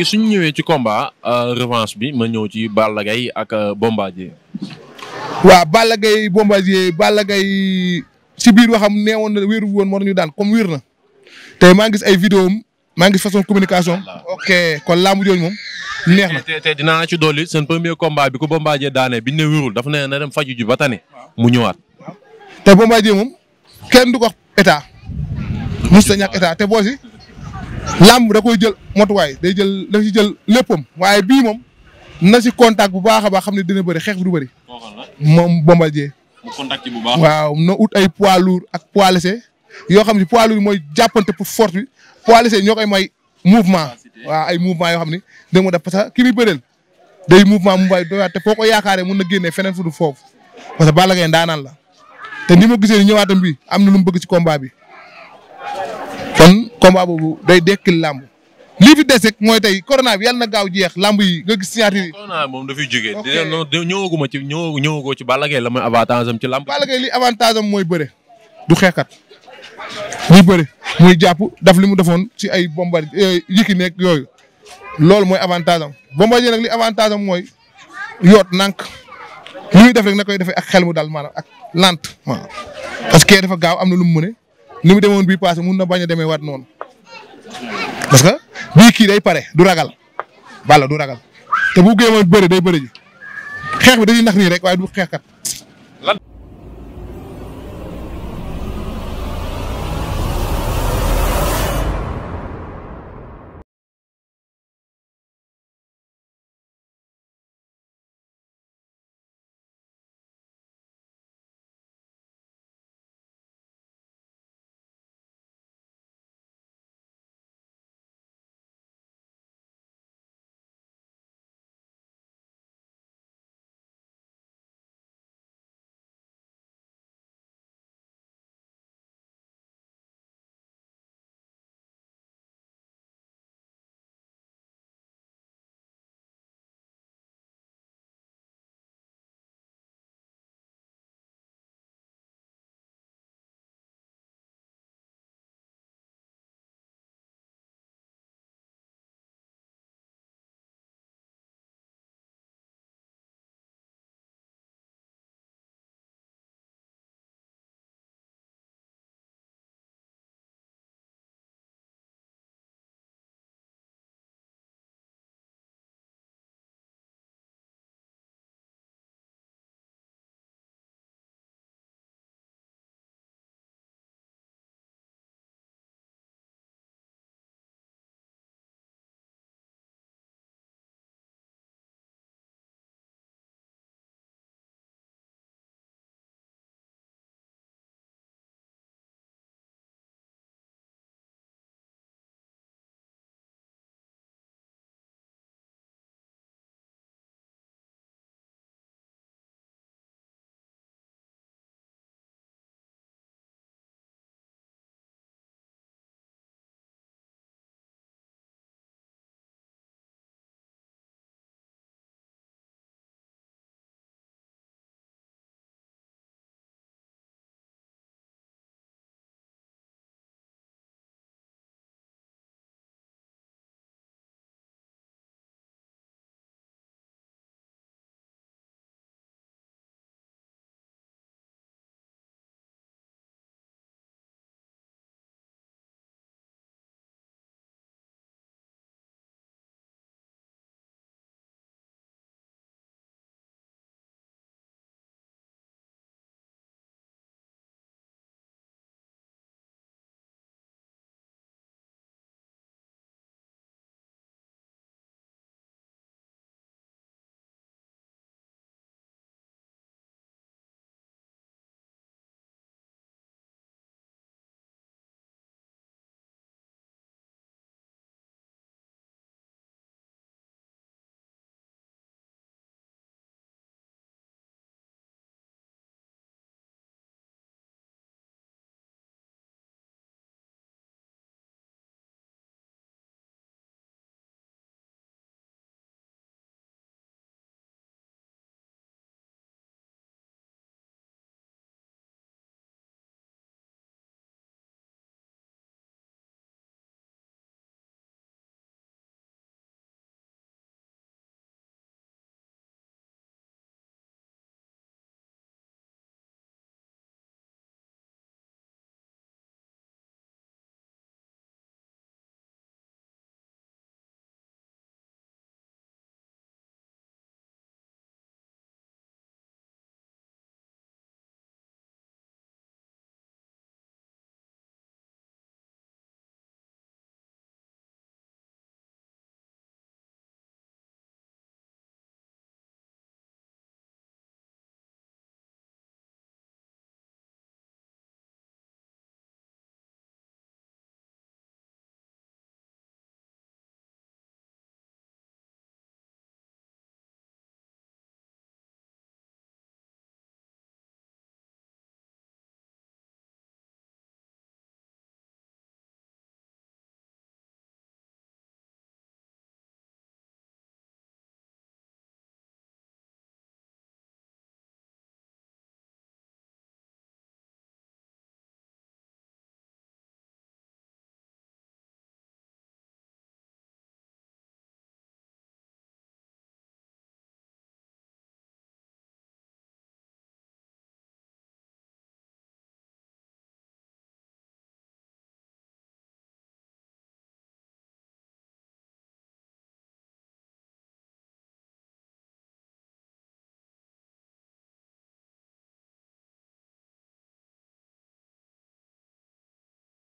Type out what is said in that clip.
suñu ñëwee ci combat euh, revanche bi ma ñëw ci Balla Gaye ak euh, Bombardier. waaw Balla Gaye Bombardier Balla Gaye si biir waxam nee woon na wéeru woon moo ñu daan comme wér na te maa ngis ay vidéo am maa ngi gis façon communication ok kon laamu jooju moom neex na te te dinaa ci dolli seen premier combat bi ko Bombardier daane bi ñu ne wérul dafa ne na dem faju ji ba tane mu ñëwaat. te Bombardier moom kenn du ko wax état. mosut a te boosi làmb da koy jël motuwaay day jël da ci jël léppam waaye bii moom na si contact bu baax a baax xam ne dina bëri xeex bi du bëri. moom Bombardier. mu contact waaw na ut ay poids lourd ak poids se yoo xam ne poids lourd mooy jàppante pour force bi poids léger ñoo koy may mouvement. waaw ay mouvement yoo xam ne danga def parce que ki muy bëreel day mouvement mu bay doyaat te foo ko yaakaaree mun na génnee feneen fu du foofu parce que Balla Gaye ndaanaan la te ni ma gisee ñëwaatam bi am na lu mu bëgg ci combat bi. combat boobu day dekkil làmb lii fi des mooy tey corona bi yàlla na gaaw jeex làmb yi nga gis signature yi. moom dafay jógee. ok ñëwaguma ci ñëwagu ñëwagoo ci Balla la mooy avantage am ci làmb. li avantage mooy bëre du xeexkat muy bëre muy jàpp daf li mu defoon ci ay bombar eh, yiki nekk yooyu loolu mooy avantage am bombardier nag li avantage mooy yoot nànk li muy def rek na koy defee ak xel mu dal maanaam ak lant. waaw parce que dafa gaaw am na lu mu mëne ni mu demoon bii passé mun na bañ a demee waat noonu. parce que bii kii day pare du ragal Balla du ragal te bu géemoon bëri day bëri ji xeex bi dañuy nax nii rek waaye du xeexkat